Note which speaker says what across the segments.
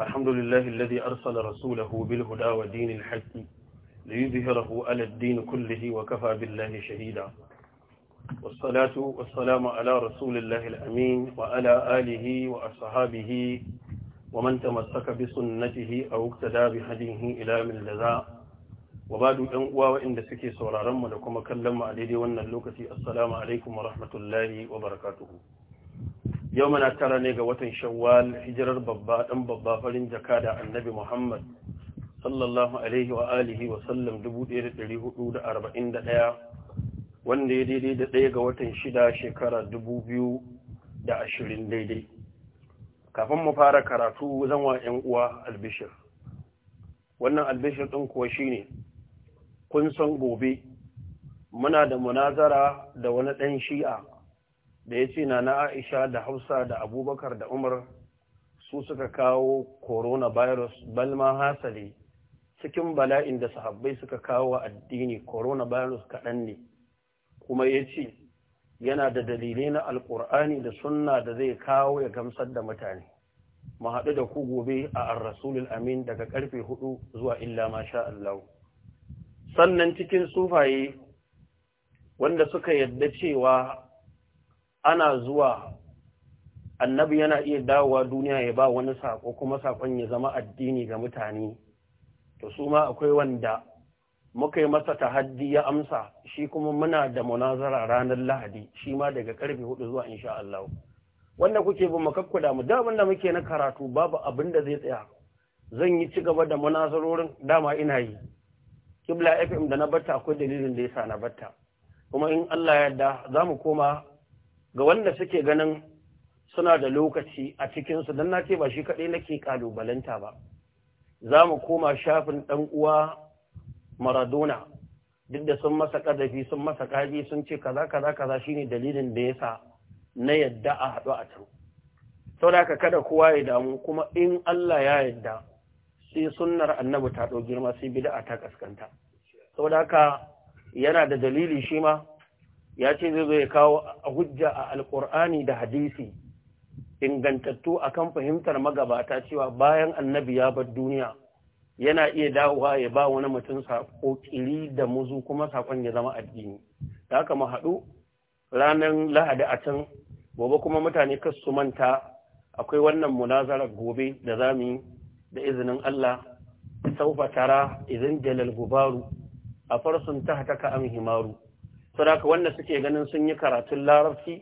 Speaker 1: الحمد لله الذي أرسل رسوله بالهدى ودين الحق ليظهره على الدين كله وكفى بالله شهيدا والصلاة والسلام على رسول الله الأمين وعلى آله وأصحابه ومن تمسك بسنته أو اقتدى بهديه إلى من لذا وبعد أن وإن سكي سورا رمضكم كلم عليه وأن اللوكة السلام عليكم ورحمة الله وبركاته yau mana tara ne ga watan shawwal hijirar babba ɗan babba farin jaka da annabi muhammad sallallahu alaihi wa alihi wa sallam 1441 wanda ya daidai da ɗaya ga watan shida shekara ashirin daidai kafin mu fara karatu zan wa ‘yan uwa albishir wannan albishir ɗin kuwa shine kun san gobe muna da munazara da wani ɗan shi'a da ya ce na na aisha da hausa da abubakar da umar su suka kawo coronavirus balma hasali cikin bala'in da sahabbai suka kawo addini virus kaɗan ne kuma ya ce yana da dalilai na alƙur'ani da sunna da zai kawo ya gamsar da mutane mu haɗu da ku gobe a ar-rasulul amin daga karfe hudu zuwa illa masha Allah sannan cikin sufaye wanda suka yadda cewa ana zuwa annabi yana iya dawowa duniya ya ba wani sako kuma sakon ya zama addini ga mutane to su ma akwai wanda muka yi masa ta haddi ya amsa shi kuma muna da munazara ranar lahadi shi ma daga karfe hudu zuwa insha Allah wanda kuke bin makakkuda mu daman da muke na karatu babu abin da zai tsaya zan yi ci gaba da munazarorin dama ina yi kibla fm da na batta akwai dalilin da yasa na batta kuma in Allah ya yarda za mu koma ga wanda suke ganin suna da lokaci a cikinsu don na ce ba shi kaɗai nake ƙalubalanta ba za mu koma shafin ɗan uwa maradona duk da sun masa ƙarfi sun masa ƙaji sun ce kaza kaza kaza shine dalilin da ya sa na yadda a haɗu a can sau da kada kowa ya damu kuma in Allah ya yadda sai sunnar annabi ta ɗau girma sai bida ta kaskanta sau da yana da dalili shi ma ya ce zai zo ya kawo hujja a alkur'ani da hadisi ingantattu kan fahimtar magabata cewa bayan annabi ya bar duniya yana iya dawowa ya ba wani mutum sako kiri da muzu kuma sakon ya zama addini da haka mu haɗu ranar lahadi a can gobe kuma mutane kas su manta akwai wannan munazarar gobe da za mu yi da izinin Allah saufa tara idan jalal gubaru a farsun ta hataka himaru saboda wanda suke ganin sun yi karatun larabci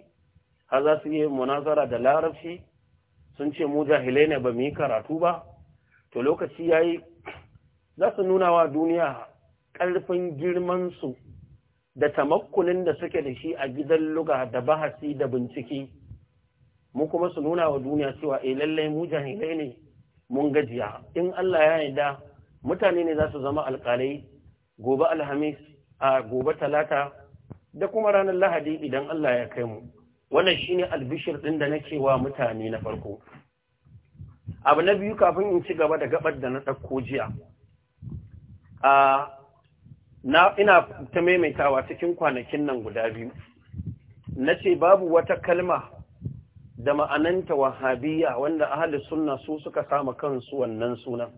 Speaker 1: har za su yi munazara da larabci sun ce mu jahilai ne ba mu yi karatu ba to lokaci ya yi za su nuna wa duniya ƙarfin girman su da tamakkunin da suke da shi a gidan luga da bahasi da bincike mu kuma su nuna wa duniya cewa eh lallai mu jahilai ne mun gajiya in Allah ya yarda mutane ne za su zama alƙalai gobe alhamis a gobe talata da kuma ranar lahadi idan Allah ya kai mu wannan shine albishir din da nake wa mutane na farko abu na biyu kafin in ci gaba da gabar da na ɗauko jiya a na ina ta maimaitawa cikin kwanakin nan guda biyu nace babu wata kalma da ma'ananta wahabiyya wanda ahli sunna su suka sama kansu wannan sunan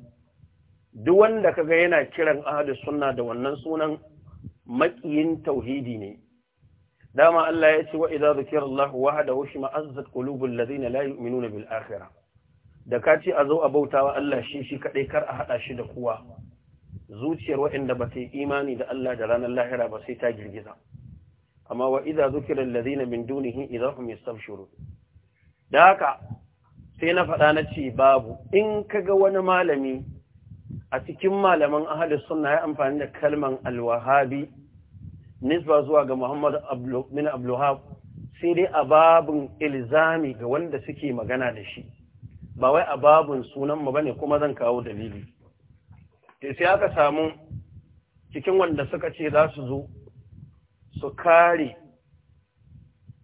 Speaker 1: duk wanda kaga yana kiran ahli sunna da wannan sunan maƙiyin tauhidi ne dama Allah ya ce wa idza zikira Allah wahda wa shima azzat qulubul ladina la yu'minuna bil akhirah da ka ce a zo a bautawa Allah shi shi kadai kar a hada shi da kowa zuciyar waɗanda ba ta imani da Allah da ranar lahira ba sai ta girgiza amma wa idza zikira alladhina min dunihi idza hum yastabshirun da haka sai na faɗa na ce babu in ka ga wani malami a cikin malaman ahlus sunna ya amfani da kalman alwahabi nisba zuwa ga Muhammad bin Abdulhab sai dai a babun ilzami ga wanda suke magana da shi ba wai a babun sunan mu bane kuma zan kawo dalili sai aka samu cikin wanda suka ce za su zo su kare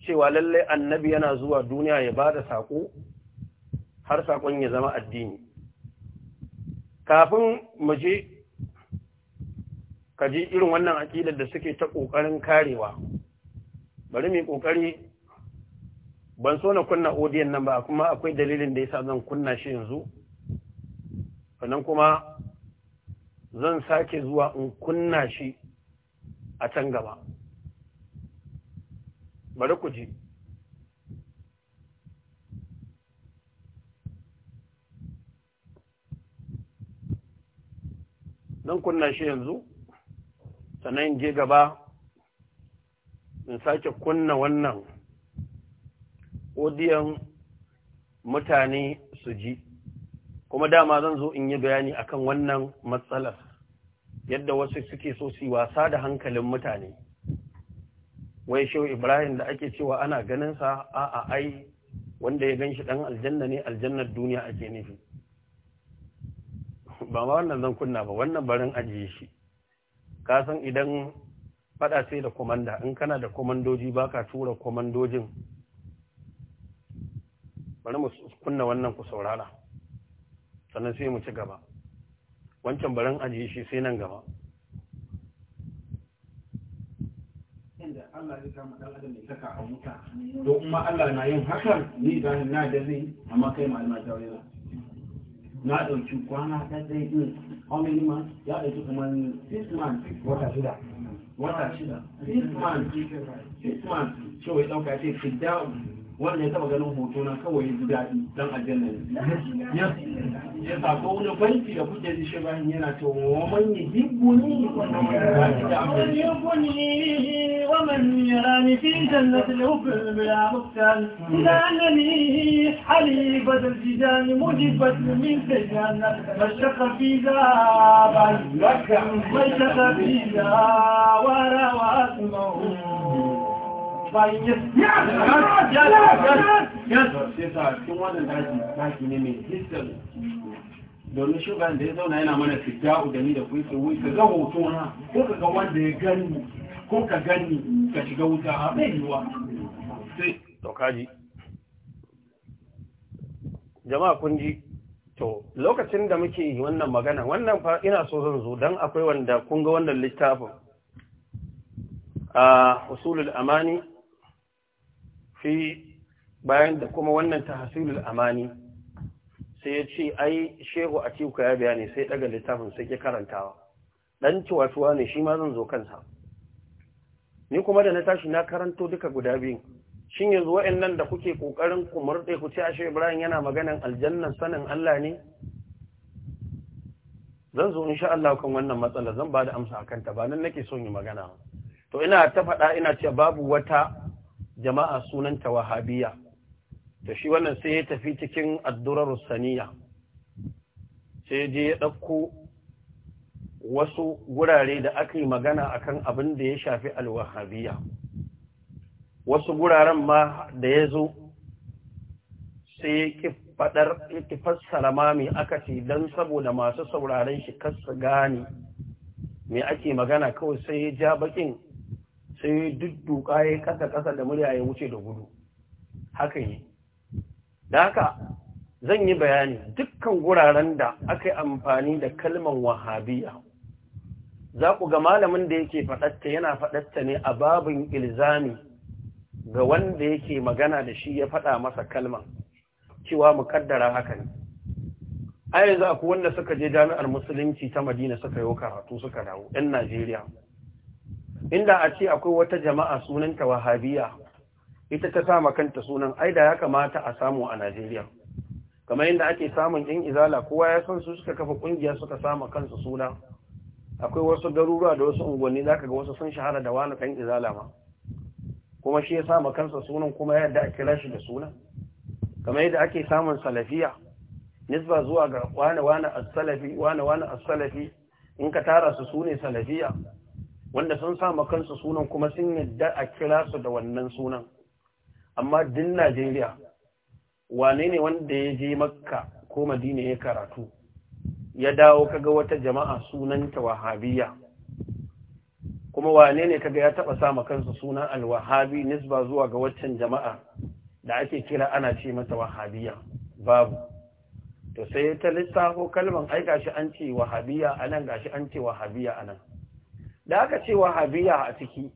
Speaker 1: cewa lallai annabi yana zuwa duniya ya bada saƙo har sakon ya zama addini kafin mu je ka ji irin wannan aƙidar da suke ta ƙoƙarin karewa bari mu ƙoƙari ban so na kunna odiyan nan ba kuma akwai dalilin da yasa zan kunna shi yanzu sannan kuma zan sake zuwa in kunna shi a can gaba bari ku ji zan kunna shi yanzu sannan je gaba in sake kunna wannan odiyan mutane su ji kuma dama zan zo in yi bayani akan wannan matsalar yadda wasu suke so su wasa da hankalin mutane wai shi ibrahim da ake cewa ana ganinsa a a ai wanda ya ganshi shi ɗan aljanna ne aljannar duniya ake nufi ba ma wannan zan kunna ba wannan barin ajiye shi ka san idan faɗa sai da komanda in kana da komandoji ba ka tura komandojin bari mu kunna wannan ku saurara sannan sai mu ci gaba wancan barin ajiye shi sai nan gaba inda Allah ya kama dan adam ya saka a wuta don kuma Allah na yin hakan ni da na da zai amma kai ma almajawira na ɗauki kwana ta zai ɗin how many months ya ɗauki kuma six months wata shida wata shida six months six months cewa ya ɗauka ce fi da'u wanda ya taba ganin hoto na kawai ya ji daɗi dan aljanna ne ya ko wani kwanci da kuke ji shi bayan yana cewa wa man yi hibbuni wa hibbuni ومن يراني في جنة الحب بلا مختال لأنني حليبة الجيزان مجبة من سجان مشق في ذا مشق في ذا ورا واسمه bayan cikin wannan daji daji ne mai history domin shugaban da ya zauna yana mana fita'u da ni da kusa wuce ga hoto na ko ka ga wanda ya gani ko ka gani ka shiga wuta a mai sai to kaji jama'a kun ji to lokacin da muke yi wannan magana wannan fa ina so zan zo dan akwai wanda kun ga wannan littafin a usulul amani fi bayan da kuma wannan tahsilul amani sai ya ce ai shehu a cikin ya bayani sai daga littafin sai ke karantawa dan ciwatuwa ne shi ma zan zo kansa ni kuma da na tashi na karanto duka guda biyu shin yanzu wa'annan da kuke kokarin ku murde ku ce ashe Ibrahim yana maganan aljanna sanin Allah ne zan zo insha Allah kan wannan matsala zan bada amsa akan ta ba nan nake son yi magana to ina ta faɗa ina cewa babu wata jama'a sunanta wahabiyya to shi wannan sai ya tafi cikin addurar saniya sai je ya ɗauko wasu gurare da aka yi magana akan abin da ya shafi alwahabiya wasu guraren ma da ya zo sai ki fassara ma mai aka ce don saboda masu sauraren shi kasu gane mai ake magana kawai sai ya ja bakin sai ya dudduka ya kasa-kasa da murya ya wuce da gudu haka yi da haka zan yi bayani dukkan guraren da aka yi amfani da kalman wahabiya za ku ga malamin da yake faɗatta yana faɗatta ne a babin ilzami ga wanda yake magana da shi ya faɗa masa kalma cewa mu haka ne a yanzu ku wanda suka je jami'ar musulunci ta madina suka yi karatu suka dawo 'yan najeriya inda a ce akwai wata jama'a sunanta wahabiya ita ta sama kanta sunan aida ya kamata a samu a najeriya kamar yadda ake samun yan izala kowa ya san su suka kafa kungiya suka sama kansu suna akwai wasu garuruwa da wasu unguwanni za ka ga wasu sun shahara da wani kan izala ma kuma shi ya sama kansa sunan kuma yadda a kira shi da suna kamar yadda ake samun salafiya nisba zuwa ga 'Wani wani a salafi wani in ka tara su sune salafiya wanda sun sama kansa sunan kuma sun yadda a kira su da wannan sunan amma din Najeriya wane ne wanda ya je Makka ko Madina ya karatu ya dawo kaga wata jama'a sunanta wahabiyya kuma wane ne kaga ya taba sama kansa sunan alwahabi nisba zuwa ga waccan jama'a da ake kira ana ce mata wahabiyya babu to sai ta lissafo kalman ai gashi an ce wahabiyya anan gashi an ce wahabiyya anan da aka ce wahabiyya a ciki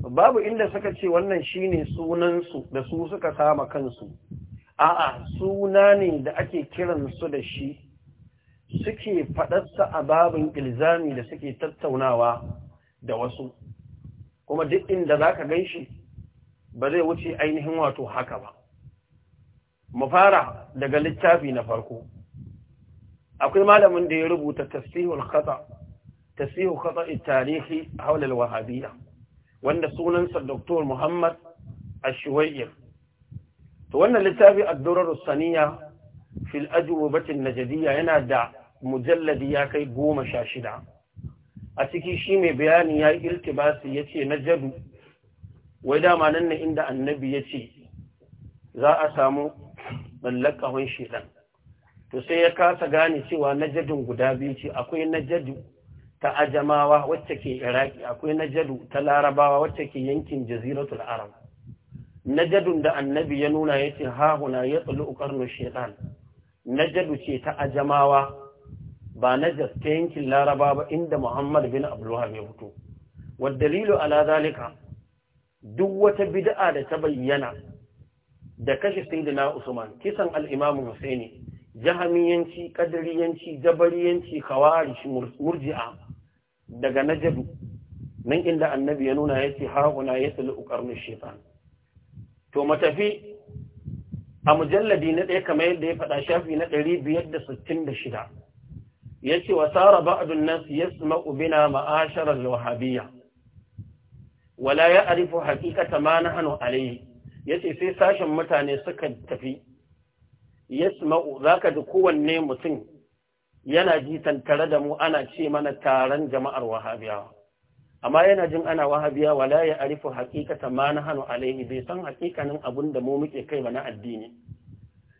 Speaker 1: babu inda suka ce wannan shine sunansu da su suka sama kansu a'a suna ne da ake kiransu da shi suke faɗarsa a babin ilzami da suke tattaunawa da wasu kuma duk inda za ka gan shi ba zai wuce ainihin wato haka ba mu fara daga littafi na farko akwai malamin da ya rubuta tasihul khata tasihu khata tarihi haula al-wahabiyya wanda sunansa Dr. Muhammad Ashwayir to wannan littafi ad-durar saniya fil ajwabati an-najdiyya yana da mujalladi ya kai goma sha shida a ciki shi mai bayani ya yi iltibasi ya ce na jadu wai dama nan ne inda annabi ya ce za a samu mallakawan shidan to sai ya kasa gane cewa najadin guda biyu ce akwai najadu ta ajamawa wacce ke iraki akwai najadu ta larabawa wacce ke yankin jaziratul arab najadun da annabi ya nuna ya ce hahuna ya tsulu ƙarnu shidan najadu ce ta ajamawa ba na gaske yankin laraba ba inda muhammad bin abdullahi ya fito dalilu ala zalika duk wata bid'a da ta bayyana da kashe sayyidina usman kisan al-imam husaini jahamiyanci kadariyanci jabariyanci khawarij murji'a daga najab nan inda annabi ya nuna yace hauna yaslu uqarnu shaytan to matafi a mujalladi na ɗaya kamar yadda ya faɗa shafi na ɗari biyar da sittin da shida yace wa sara ba'dun nas yasma'u bina ma'ashara al-wahabiyya wala ya'rifu haqiqata ma nahnu alayhi yace sai sashen mutane suka tafi yasma'u zaka ji kowanne mutum yana ji tantare da mu ana ce mana taron jama'ar wahabiyawa amma yana jin ana wahabiya wala ya'rifu haqiqata ma nahnu alayhi bai san haqiqanin abun da mu muke kai ba na addini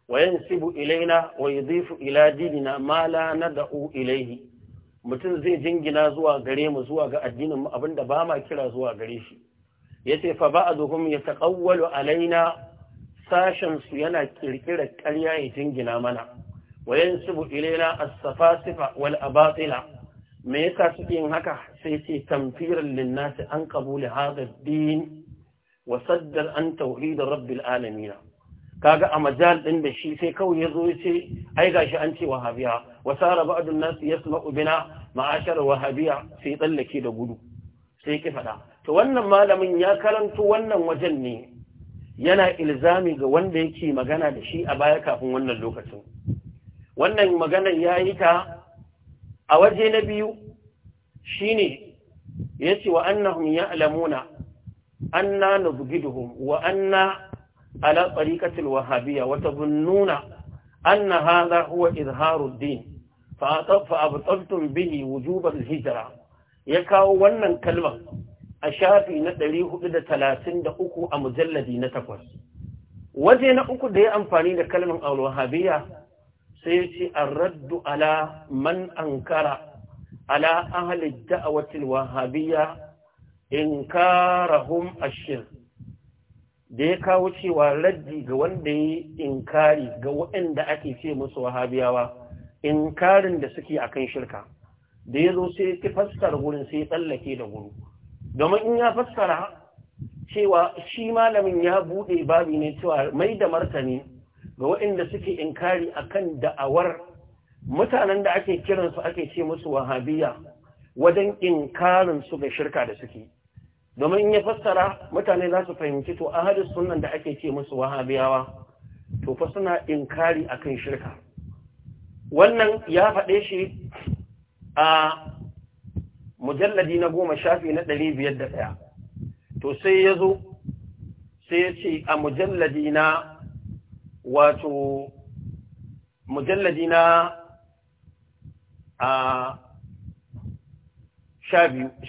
Speaker 1: وينسب إلينا ويضيف إلى ديننا ما لا ندعو إليه mutum zai jingina zuwa gare mu zuwa ga addinin mu abinda ba ma kira zuwa gare shi Ya yace fa ya yataqawwalu alaina sashen su yana ƙirƙirar ƙarya ya jingina mana wayansibu ilaina as-safasifa wal abatila me yasa suke yin haka sai ce tamfiran linnasi an qabuli hadha ad-din wa saddar an tauhid rabbil alamin kaga a majal din da shi sai kawai ya zo ya ce ai gashi an ce wahabiya wa sara ba'dun nas yasma'u bina ma'ashara wahabiya sai tsallake da gudu sai ki fada to wannan malamin ya karanto wannan wajen ne yana ilzami ga wanda yake magana da shi a baya kafin wannan lokacin wannan maganar ya yi ta a waje na biyu shine yace wa annahum ya'lamuna anna nubghiduhum wa anna ala wahabiya wata bunnuna tabunnuna anna hadha huwa Izharun din fa bihi wujubar hijira, ya kawo wannan kalmar a shafi na 433 a mujalladi na takwas, waje na uku da ya amfani da kalmar alwahabiya sai ya ce raddu ala man ankara ala ahli ad-da'wati in wahabiyya inkarahum ashir da ya kawo cewa raddi ga wanda ya yi inkari ga waɗanda ake ce musu wahabiyawa inkarin da suke akan shirka da ya zo sai ki fassara gurin sai ya tsallake da guru domin in ya fassara cewa shi malamin ya buɗe babi ne cewa mai da martani ga waɗanda suke inkari kan da'awar mutanen da ake kiransu ake ce musu wahabiya wajen inkarin su ga shirka da suke domin in ya fassara mutane za su fahimci to hadis sunan da ake ce musu wahabiyawa to fa suna inkari akan shirka wannan ya faɗe shi a mujalladi na goma shafi na ɗari biyar da ɗaya to sai ya zo sai ya ce a mujalladi na wato mujalladi na a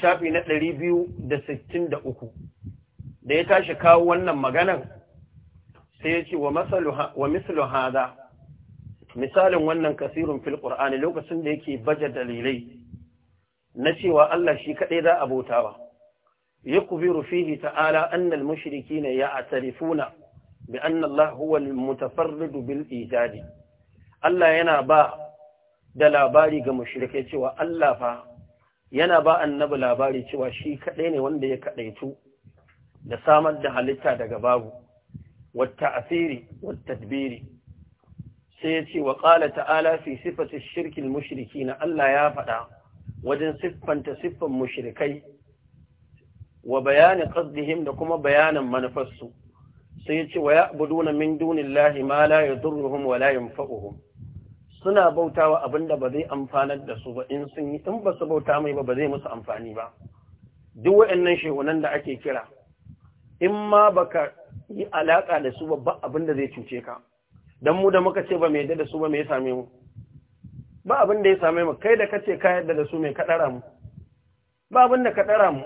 Speaker 1: shafi na ɗari biyu da sittin da uku da ya tashi kawo wannan maganan sai ya ce wa mislu hada misalin wannan kasirun fil lokacin da yake baje dalilai na cewa Allah shi kaɗai za a bautawa yakbiru fihi ta'ala anna al-mushrikeena ya'tarifuna bi anna Allah huwa al-mutafarrid bil ijadi Allah yana ba da labari ga mushrikai cewa Allah fa yana ba annabi labari cewa shi kaɗai ne wanda ya kaɗaitu da samar da halitta daga babu wata asiri wata tadbiri sai ya ce wa ƙala ta'ala fi siffatin shirkin mushriki na Allah ya faɗa wajen siffanta siffan mushrikai wa bayanin ƙasdihim da kuma bayanin manufarsu sai ya ce wa ya abu min dunin lahi ma la ya durruhum wa la yin fa'uhum suna bautawa abin da ba zai amfanar da su ba in sun yi in ba su bauta mai ba ba zai musu amfani ba duk waɗannan shehunan da ake kira in ma baka yi alaka da su ba abin da zai cuce ka dan mu da muka ce ba mai da su ba mai same mu ba abin da ya same mu kai da kace ka yadda da su mai dara mu ba abin da dara mu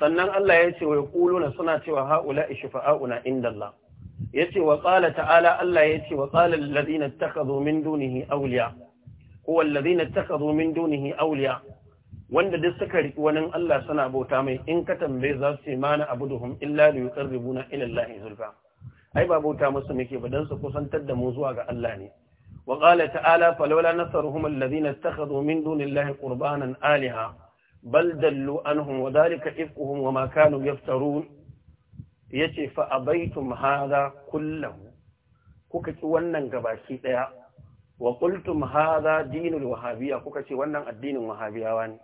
Speaker 1: sannan Allah ya ce wa yaquluna suna cewa haula ishfa'auna indallah yace wa qala ta'ala Allah yace wa qala alladhina ittakhadhu min dunihi awliya huwa alladhina ittakhadhu min dunihi awliya wanda duk suka riki wani Allah suna bauta mai in ka tambaye za su ce mana abuduhum illa li yuqarribuna ila Allah zulfa ai ba bauta musu muke ba dan su kusantar da mu zuwa ga Allah ne wa qala ta'ala falawla nasaruhum alladhina ittakhadhu min dunillahi qurbanan alaha bal dallu anhum wa dhalika ifkuhum wa ma kanu yaftarun ya ce fa'abaitum haza kullum kuka ki wannan gabaki ɗaya wa kultum haza dinul wahabiya kuka ce wannan addinin wahabiyawa ne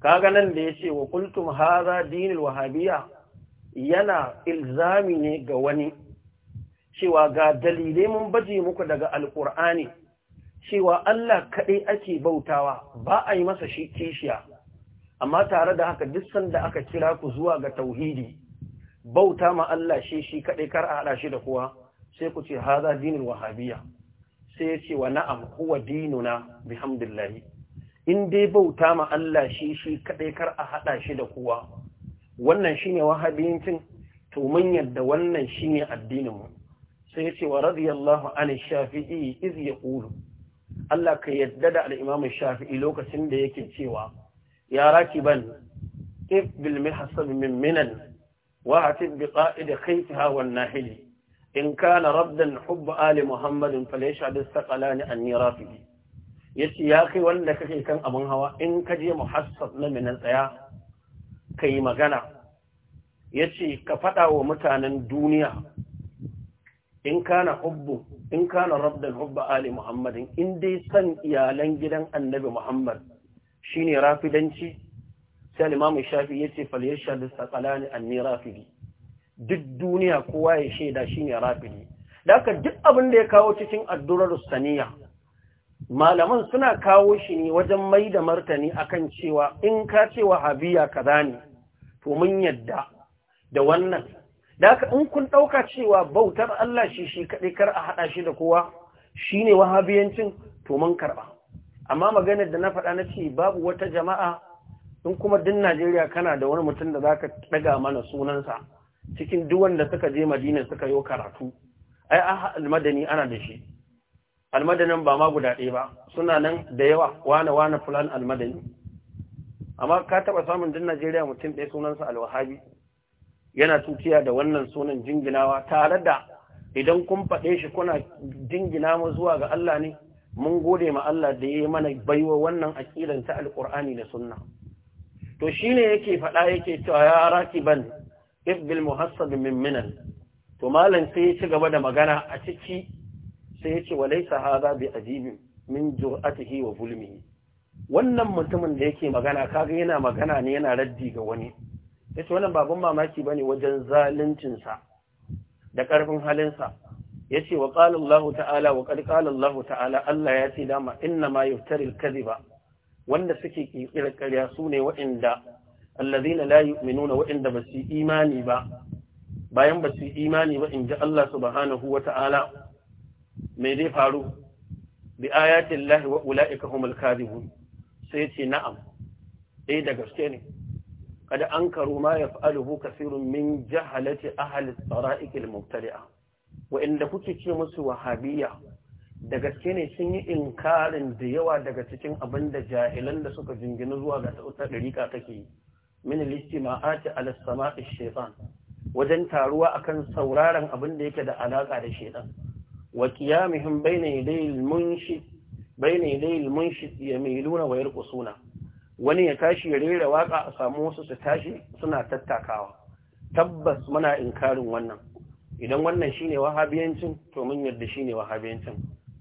Speaker 1: kaga nan da ya ce wa kultum haza dinul wahabiya yana ilzami ne ga wani cewa ga dalilai mun baje muku daga alkur'ani cewa Allah kaɗai ake bautawa ba a yi masa shi kishiya amma tare da haka duk sanda aka kira ku zuwa ga tauhidi bauta ma Allah shi shi kaɗai kar a haɗa shi da kowa sai ku ce haza dinin wahabiyya sai ya ce wa na'am huwa dinuna bihamdillahi in dai bauta ma Allah shi shi kaɗai kar a haɗa shi da kowa wannan ne wahabiyancin to mun yadda wannan shine addinin mu sai ya ce wa radiyallahu an shafi'i iz yaqulu Allah ka yadda da al'imamin shafi'i lokacin da yake cewa ya rakiban if bil mihsab min minan وأعتد بقائد خيفها والناحل إن كان ربدا حب آل محمد فليشهد الثقلان أني رافدي yace ya kai wanda kake kan abin hawa in ka je muhassab na minan tsaya ka yi magana yace ka faɗa wa mutanen duniya in kana hubbu in rabdan hubba ali muhammadin in dai san iyalan gidan annabi muhammad shine rafidanci sai shafi imamu shafi yace fal yashhadu saqalani anni rafidi duk duniya kowa ya shaida shine rafidi daka duk abin da ya kawo cikin addurar saniya malaman suna kawo shi ne wajen mai da martani akan cewa in ka ce wahabiya kaza ne to mun yadda da wannan daka in kun ɗauka cewa bautar Allah shi shi kadai kar a haɗa shi da kowa shine wahabiyancin to mun karba amma maganar da na faɗa na ce babu wata jama'a in kuma din Najeriya kana da wani mutum da zaka daga mana sunansa cikin duk wanda suka je Madina suka yiwu karatu ai almadani ana da shi almadanin ba ma guda ɗaya ba suna nan da yawa wane wane fulan almadani amma ka taba samun din Najeriya mutum ɗaya sunansa alwahabi yana tutiya da wannan sunan jinginawa tare da idan kun faɗe shi kuna jingina mu zuwa ga Allah ne mun gode ma Allah da ya yi mana baiwa wannan aƙidan ta alƙur'ani da sunna to shi ne yake faɗa yake cewa ya rakiban ibbil muhassab min minan to malam sai ya ci gaba da magana a ciki sai ya ce walaysa hadha bi ajib min jur'atihi wa zulmihi wannan mutumin da yake magana kaga yana magana ne yana raddi ga wani yace wannan babun mamaki bane wajen zaluncin sa da karfin halinsa yace wa qala Allah ta'ala wa qad qala Allah ta'ala Allah ya ce dama inna ma yuftaril kadhiba wanda suke ƙirƙirar ƙarya su ne waɗanda allazina la yu'minuna waɗanda ba su imani ba bayan ba su imani ba in ji Allah subhanahu wata'ala ta'ala mai zai faru bi ayatin lahi wa ula'ika humul kadihun sai ce na'am Eh da gaske ne kada an karu ma ya fa'aluhu kasirun min jahalati ahalis tsara'ikil mubtari'a wa'inda kuke ce musu wahabiyya da gaske ne sun yi inkarin da yawa daga cikin abin da jahilan da suka jingina zuwa ga tsautar ɗariƙa take min listima'ati ala sama'i shaitan wajen taruwa akan sauraron abin da yake da alaka da shaitan wa qiyamihim bayna yadayil munshi bayna yadayil munshi yamiluna wa yarqusuna wani ya tashi ya rera waka a samu wasu su tashi suna tattakawa tabbas muna inkarin wannan idan wannan shine wahabiyancin to mun yarda shine wahabiyancin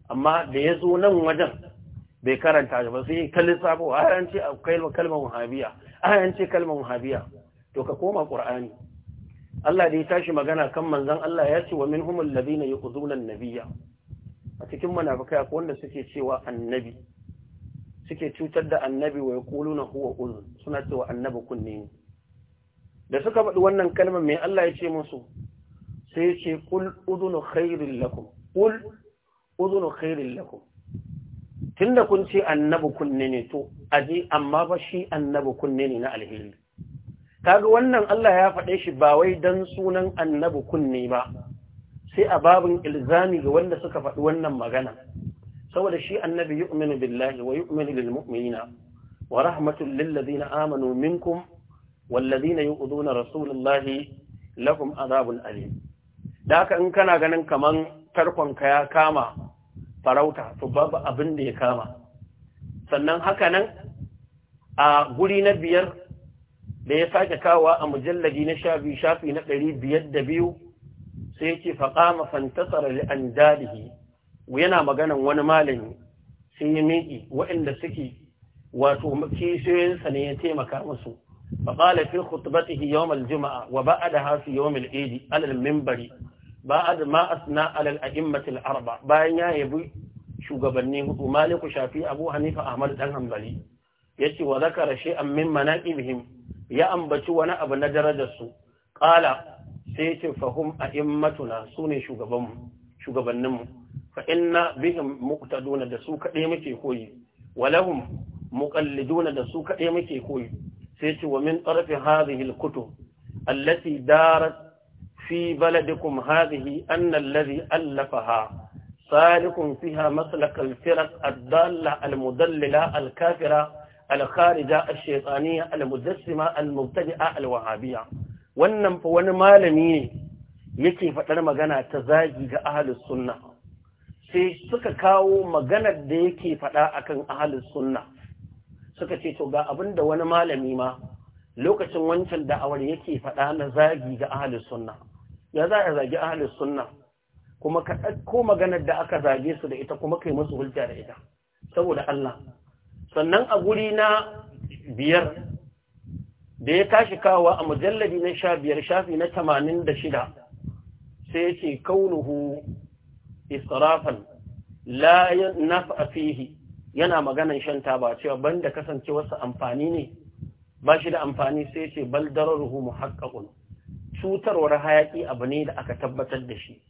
Speaker 1: amma da ya zo nan wajen bai karanta ba sai ta lissafo ayan ce kalmar wahabiya ayan ce kalmar wahabiya to ka koma qur'ani Allah da ya tashi magana kan manzan. Allah ya ce wa min minhumul ladina yuqzuna an-nabiyya a cikin manafikai akwai wanda suke cewa annabi suke cutar da annabi wa na huwa uzun suna cewa annabi kunne da suka faɗi wannan kalmar mai Allah ya ce musu sai ya ce Kul udunu khairil lakum qul uzunu khairin lakum tunda kun ce annabi kunne ne to aje amma ba shi annabi kunne ne na alheri kaga wannan Allah ya faɗe shi ba wai dan sunan annabi kunne ba sai a babin ilzami ga wanda suka faɗi wannan magana saboda shi annabi yu'minu billahi wa yu'minu lil mu'minina wa rahmatul lil ladina amanu minkum wal ladina yu'duna rasulullahi lakum adhabun alim da haka in kana ganin kaman tarkon ka ya kama farauta to babu abin da ya kama sannan haka nan a guri na biyar da ya sake kawa a mujalladi na sha biyu shafi na ɗari biyar da biyu sai yake faƙama fantasar li'andadihi yana maganan wani malami Sun yi miƙi waɗanda suke wato kishiyoyinsa ne ya taimaka musu faƙala fi khutbatihi yawmal juma'a wa ba'ada hasu yawmal idi alal mimbari بعد ما أثنى على الأئمة الأربع باين يبي شو قبلني مالك شافي أبو حنيفة أحمد الحنبلي يتي وذكر شيئا من مناقبهم يا أنبتي وأنا أبن درجة قال سيتي فهم أئمتنا سوني شو قبلهم شو قبلنهم فإن بهم مقتدون دسوك إيمتي كوي ولهم مقلدون دسوك إيمتي كوي سيتي ومن طرف هذه الكتب التي دارت في بلدكم هذه أن الذي ألفها سالك فيها مسلك الفرق الضالة المدللة الكافرة الخارجة الشيطانية المدسمة المبتدئة الوهابية wannan fa wani malami ne yake faɗar magana ta zagi ga ahalus sunna sai suka kawo maganar da yake faɗa akan ahalus sunna suka ce to ga abin da wani malami ma lokacin wancan da'awar yake faɗa na zagi ga ahalus sunna ya za a zagi ahalin sunna kuma ka ɗauko maganar da aka zage su da ita kuma kai musu hujja da ita saboda Allah sannan a guri na biyar da ya tashi kawo a mujalladi na sha biyar shafi na tamanin da shida sai ya ce kaunuhu israfan la nafa fihi yana maganan shan taba cewa banda kasance wasu amfani ne ba shi da amfani sai ce bal dararuhu muhaqqaqun cutarwar hayaki abu ne da aka tabbatar da shi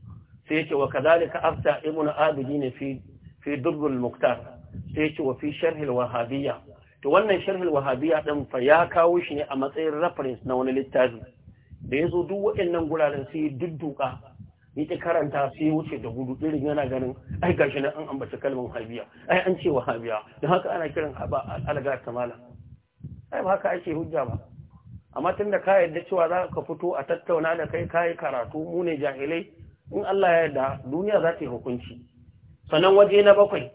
Speaker 1: sai yace wa kadhalika afta ibnu abidin fi fi durbul muktar sai yace wa fi sharh wahabiyya to wannan sharh wahabiyya din fa ya kawo shi ne a matsayin reference na wani littafi da yazo duk waɗannan guraren sai dudduka yake karanta sai wuce da gudu irin yana ganin ai gashi na an ambata kalmar habiya ai an ce wahabiya don haka ana kiran alga ta malam ai ba haka ake hujja ba amma tun da ka yarda cewa za ka fito a tattauna da kai kayi karatu mu ne jahilai in Allah ya yarda duniya za ta yi hukunci sannan waje na bakwai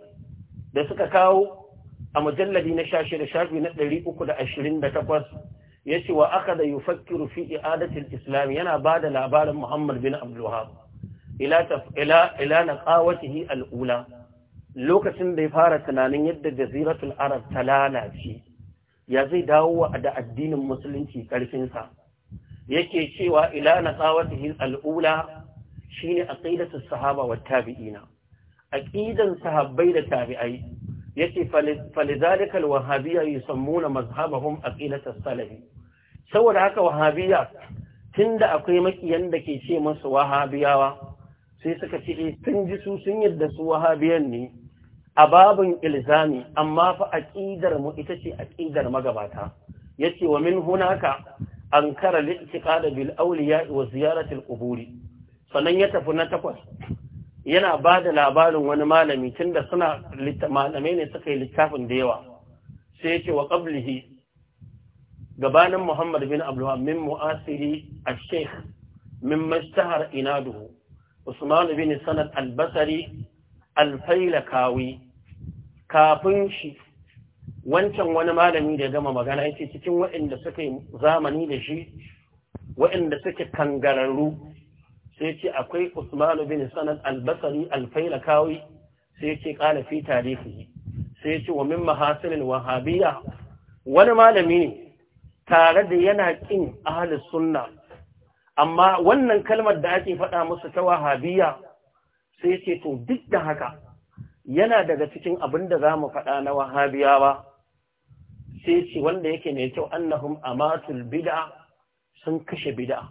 Speaker 1: da suka kawo a mujalladi na shashi da na ɗari uku da ashirin da takwas ya ce wa aka da yufakkiru fi i'adatil islam yana ba da labarin muhammad bin abdulwahab ila ila na ƙawatihi al'ula lokacin da ya fara tunanin yadda jaziratul arab ta lalace ya zai dawo da addinin musulunci ƙarfinsa yake cewa ila na tsawatihin al'ula shi ne aƙidatun sahaba wa tabi'ina ƙidan sahabbai da tabi'ai yake falizalikal wahabiya yi sammuna mazhabahun aƙidatun salafi saboda haka wahabiyya tun da akwai makiyan da ke ce masu wahabiyawa sai suka ce eh, sun ji su sun yadda su wahabiyan ne a babin ilzami amma fa ƙidar mu ita ce ƙidar magabata yace wa min hunaka ankara al-i'tiqad bil awliya wa ziyaratul al sannan ya tafi na takwas yana ba da labarin wani malami tunda suna malamai ne suka yi littafin da yawa sai yace wa ga gabanin Muhammad bin Abdullah min mu'asiri a sheikh min mashtahar inaduhu Usman bin Sanad al alfailakawi kawi kafin shi wancan wani malami da ya gama magana ya ce cikin waɗanda suka yi zamani da shi waɗanda suke kangararru sai ce akwai Usmanu bin Sanad albasari alfailakawi al kawi sai ce kana fi tarihi sai ce wa min mahasilil wahabiyya wani malami ne tare da yana ƙin ahlus sunna amma wannan kalmar da ake faɗa musu ta wahabiyya sai ce to duk da haka yana daga cikin abin da za mu faɗa na wahabiyawa sai ce wanda yake mai kyau annahum amatul bid'a sun kashe bid'a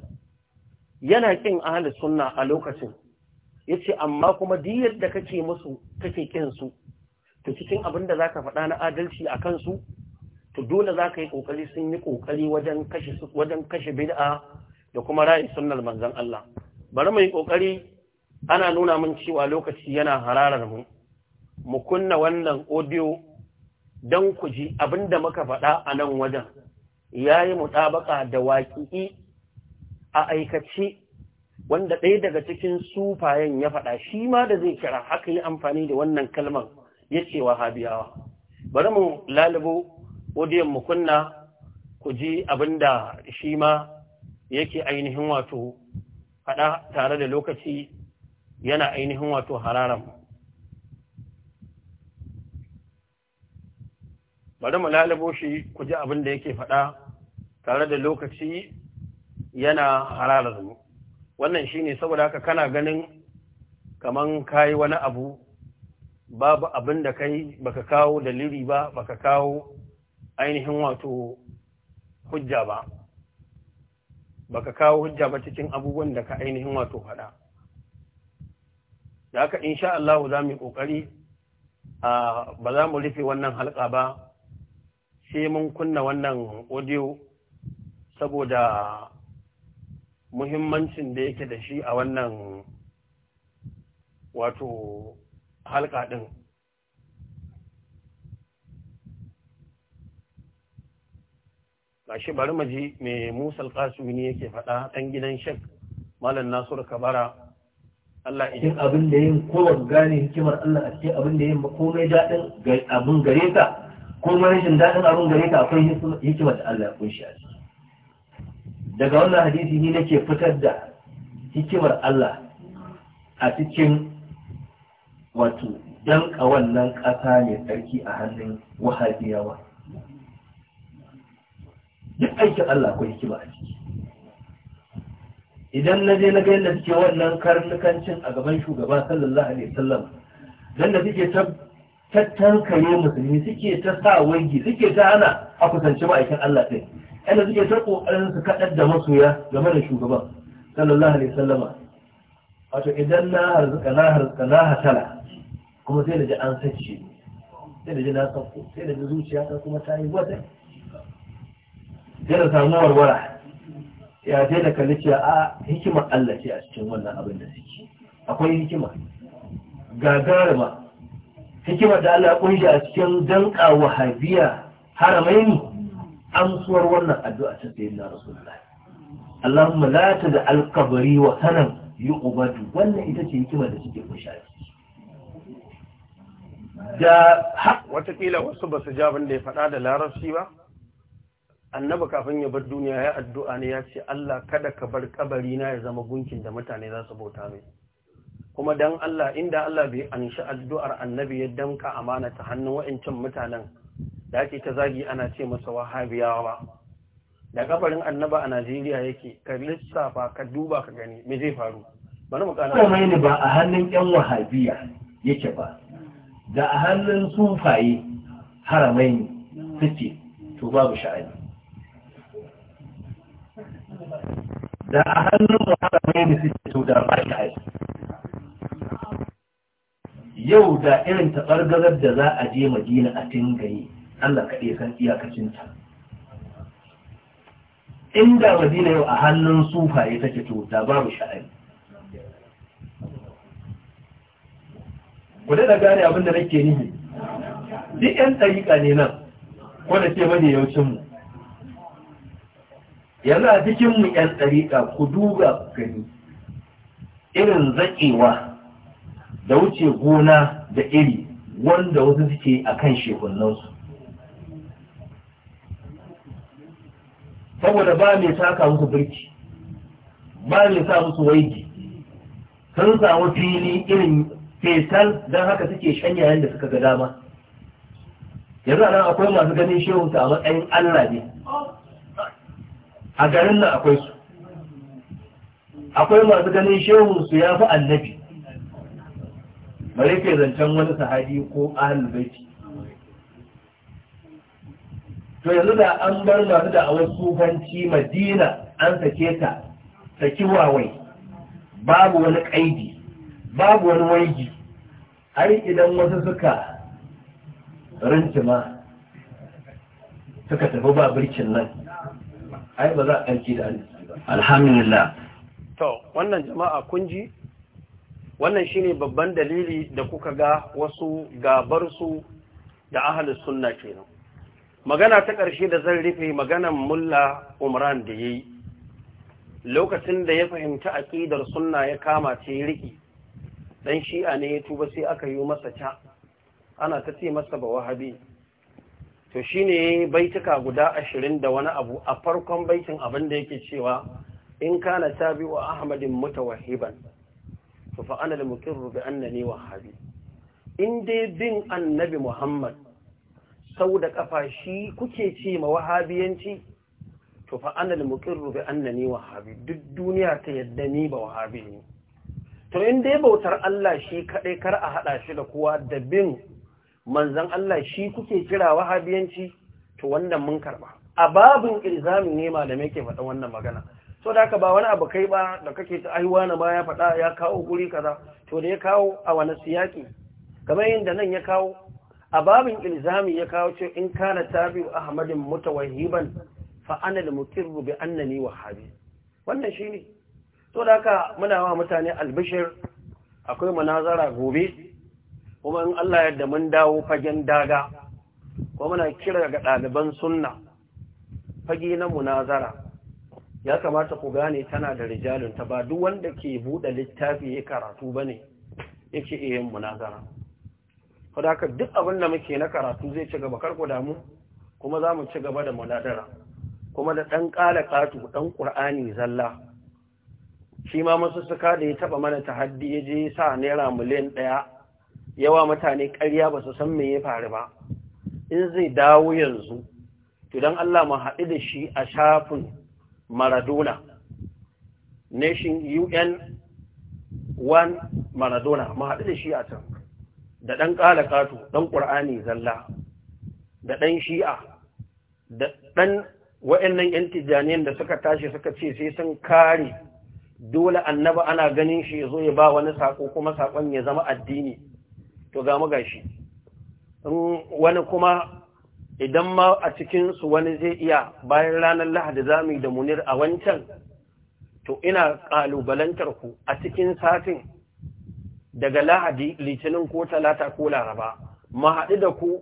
Speaker 1: yana kin ahli sunna a lokacin yace amma kuma diyar da kake musu kake kin su to cikin abin da zaka faɗa na adalci a kansu to dole zaka yi kokari sun yi kokari wajen kashe wajen kashe bid'a da kuma ra'ayi sunnar manzon Allah bari mu yi kokari ana nuna min cewa lokaci yana hararar mu mu kunna wannan audio don ku ji da muka faɗa a nan wajen ya yi mutabaka da waƙi'i a aikace wanda ɗaya daga cikin sufayen ya faɗa shi ma da zai kira haka yi amfani da wannan kalmar ya ce wa habiyawa bari mu lalubo odiyan mu kunna ku ji abin da shi ma yake ainihin wato faɗa tare da lokaci yana ainihin wato hararan bari mu lalabo shi ku ji abin da yake faɗa tare da lokaci yana hararar mu wannan shine saboda haka kana ganin kaman ka yi wani abu babu abin da kai baka kawo dalili ba baka kawo ainihin wato hujja ba baka kawo hujja ba cikin abubuwan da ka ainihin wato faɗa da haka insha Allah za mu yi kokari ba za mu rufe wannan halka ba sai mun kunna wannan audio saboda muhimmancin da yake da shi a wannan wato halka ɗin gashi bari mu mai musal kasu ne yake faɗa ɗan gidan shek Malam Nasiru Kabara Allah in abin da yin kowa gane hikimar Allah a cikin abin da yin komai daɗin abin gare ka komai rashin daɗin abin gare ka akwai hikimar da Allah ya kunshi a ciki daga wannan hadisi ni nake fitar da hikimar Allah a cikin wato danka wannan ƙasa mai tsarki a hannun wahabiyawa duk aikin Allah akwai hikima a ciki idan na je na ga yadda suke wannan karnukancin a gaban shugaba sallallahu alaihi wasallam dan da suke ta tattankaye musulmi suke ta sa wangi suke ta ana a kusanci ma'aikin Allah ɗin yadda suke ta ƙoƙarin su kaɗar da masoya game da shugaban sallallahu alaihi wasallama wato idan na harzuka na harzuka na hatala kuma sai da ji an sace sai da ji na sauko sai da ji zuciya ta kuma ta yi wata sai da samu warwara ya je da kalli cewa a hikimar Allah ce a cikin wannan abin da suke akwai hikima gagarima hikimar da Allah kunshi a cikin danka wahabiya haramaini amsuwar wannan addu'a ta sayyidina rasulullah Allahumma la tada alqabri wa sanam yuqbadu wannan ita ce hikimar da suke kunshi da Wataƙila wasu ba su ja abin da ya faɗa da larabci ba annabi kafin ya bar duniya ya addu'a ne ya ce Allah kada ka bar kabari na ya zama gunkin da mutane za su bauta mai kuma dan Allah inda Allah bai anshi addu'ar annabi ya damka amana ta hannun wa'incin mutanen da ake ta zagi ana ce masa wahabiyawa da kabarin annaba a Najeriya yake ka lissafa ka duba ka gani me zai faru bari mu kana kuma ne ba a hannun ƴan wahabiya yake ba da a hannun sufaye haramai ne suke to babu sha'ani da a hannun malamai ne suke da ba shi aiki yau da irin taɓargazar da za a je madina a tingaye Allah kaɗai san iyakacinta inda madina yau a hannun sufaye take to da babu sha'ani ku da gane abin da nake nihi duk 'yan ɗariƙa ne nan ko da ce mani yaucinmu yanzu a cikin mu yan tsarika ku duba gani irin zaƙewa da wuce gona da iri wanda wasu suke a kan shekunansu saboda ba mai taka musu birki ba mai sa musu waiji sun samu fili irin fetal don haka suke shanya yadda suka ga dama yanzu a nan akwai masu ganin shehu a matsayin allah ne a garin nan akwai su akwai masu ganin shehu su ya fi annabi bare zancen wani sahadi ko ahlul to yanzu da an bar masu da awar sufanci madina an sake ta saki wawai babu wani kaidi babu wani waigi ai idan wasu suka ma suka tafi ba birkin nan ai ba za a aiki da alhamdulillah to wannan jama'a kun ji wannan shine babban dalili da kuka ga wasu gabar su da ahli sunna kenan magana ta ƙarshe da zan rufe maganan mulla umran da yayi lokacin da ya fahimta aqidar sunna ya kama ce riki dan shi'a ne ya tuba sai aka yi masa ta ana ta ce masa ba wahabi to shi shine baituka guda ashirin da wani abu a farkon baitin abin da yake cewa in kana tabi wa ahmadin mutawahhiban to fa da muqirru bi annani wahhabi in dai bin annabi muhammad sau da kafa shi kuke ce ma wahabiyanci to fa ana da muqirru bi annani wahhabi duk duniya ta yadda ni ba wahabi ne to in dai bautar Allah shi kaɗai kar a haɗa shi da kowa da bin manzan Allah shi kuke kira wahabiyanci to wannan mun karba a babin ilzami ne malamai ke faɗa wannan magana so da haka ba wani abu kai ba da kake ta aiwa na baya faɗa ya kawo guri kaza to da ya kawo a wani siyaki kamar yadda nan ya kawo a babin ilzami ya kawo ce in kana tabi ahmadin mutawahiban fa ana da mukirru bi annani wahabi wannan shi ne. to da haka muna wa mutane albishir akwai munazara gobe kuma in Allah yadda mun dawo fagen daga kuma muna kira ga ɗaliban sunna fage na munazara ya kamata ku gane tana da rijalin ta ba duk wanda ke buɗe littafi ya karatu ba ya ce iya eh, yin munazara fadaka duk abin da muke na karatu zai ci gaba karku damu kuma za mu ci gaba da munadara kuma da ɗan ƙala ƙatu ɗan ƙur'ani zalla shi ma masu suka da ya taɓa mana ta haddi ya je sa naira miliyan ɗaya yawa mutane ƙarya ba su san me ya faru ba in zai dawo yanzu to don Allah mu haɗu da shi a shafin Maradona nation UN one Maradona mu haɗu da shi a can da ɗan ƙato, ɗan ƙur'ani zalla da ɗan shi'a da ɗan wa'annan 'yan tijjaniyar da suka tashi suka ce sai sun kare dole annaba ana ganin shi ya zo ya ba wani saƙo kuma saƙon ya zama addini to ga magashi wani kuma idan ma a cikinsu wani zai iya bayan ranar lahadi za mu yi da munir a wancan to ina ƙalubalantar ku a cikin satin daga lahadi litinin ko talata ko laraba ma haɗu da ku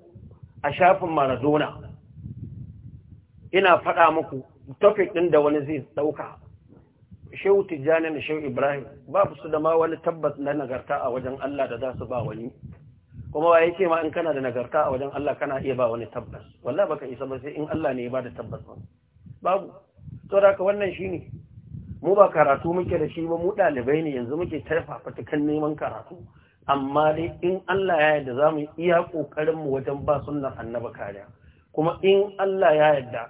Speaker 1: a shafin maradona ina faɗa muku topic ɗin da wani zai ɗauka shehu tijjani da shehu ibrahim babu su da ma wani tabbas na nagarta a wajen allah da za su ba wani kuma ya ce ma in kana da nagarta a wajen Allah kana iya ba wani tabbas wallahi baka isa ba sai in Allah ne ya bada tabbas ba babu to da wannan shine mu ba karatu muke da shi ba mu dalibai ne yanzu muke tarfafa kan neman karatu amma dai in Allah ya yarda zamu iya kokarin mu wajen ba sunnar annabi kariya kuma in Allah ya yarda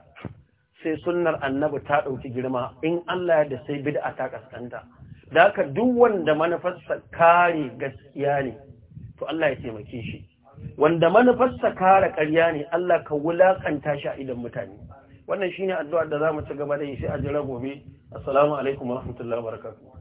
Speaker 1: sai sunnar annabi ta dauki girma in Allah ya yarda sai bid'a ta kaskanta da haka duk wanda manufarsa kare gaskiya ne to Allah ya taimake shi wanda manufarsa kare ƙarya ne Allah ka wulakanta shi a idan mutane wannan shine addu'ar da zamu ci gaba da yi sai a jira gobe assalamu alaikum warahmatullahi wabarakatuh